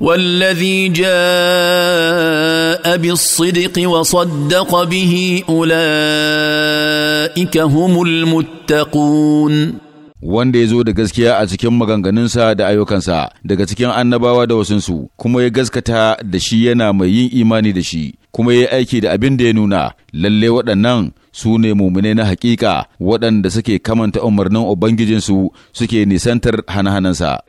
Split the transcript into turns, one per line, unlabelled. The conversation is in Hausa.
والذي جاء بالصدق وصدق
به اولئك هم المتقون wanda ya zo da gaskiya a cikin maganganunsa da ayyukansa daga cikin annabawa da wasunsu kuma ya gaskata da shi yana mai yin imani da shi kuma ya aiki da abin da ya nuna lalle waɗannan su ne mumune na haƙiƙa waɗanda suke kamanta umarnin ubangijinsu suke nisantar hana-hanansa